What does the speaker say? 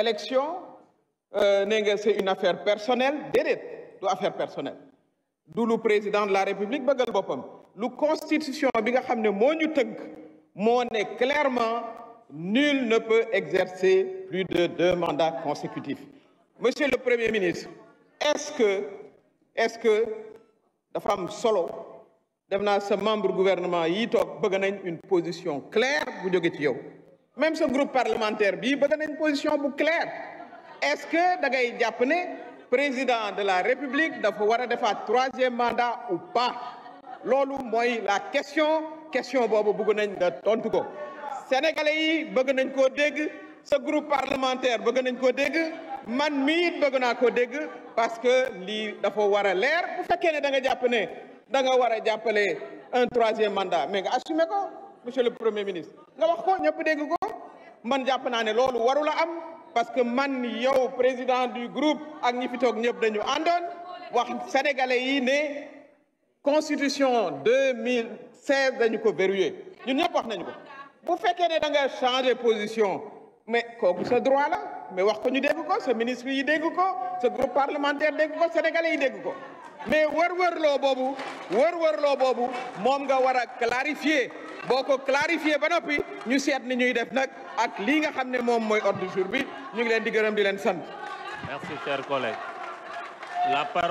élection euh, c'est une affaire personnelle déedéet une affaire personnelle D'où le président de la république nous Bopam. constitution bi clairement nul ne peut exercer plus de deux mandats consécutifs monsieur le premier ministre est-ce que la femme que solo def membre du gouvernement yi une position claire même ce groupe parlementaire bii bëgg nañ position bu claire est-ce que da ngay président de la république doit war a defaat troisième mandat ou pas loolu mooy la question question boobu bëgg nañ nga tontu ko sénégalais yi bëgg nañ dégg ce groupe parlementaire bëgg nañ koo dégg man mii it bëgg dégg parce que il dafa war a leer bu fekkee ne da nga jàpp da nga un troisième mandat mais nga assumer ko monsieur le premier ministre nga wax ko ñëpp dégg man japp naa ne loolu warul am parce que man yow président du groupe ak ñi fi tok ñëpp dañu andone wax sénégalais yi né constitution 2016 dañu ko verrouillé ñun ñëpp wax nañu ko bu féké né da nga changer position mais kooku sa droit la mais wax ko ñu dégg ko sa ministre yi dégg ko sa groupe parlementaire dégg ko sénégalais yi dégg ko mais wër-wërloo bobu wër-wërloo bobu mom nga war clarifier boko clarifier ba nopi ñu sét ni ñuy def nak ak li nga xamné mom moy ordre du jour bi ñu ngi leen di gëreum di leen sant merci cher collègue la parole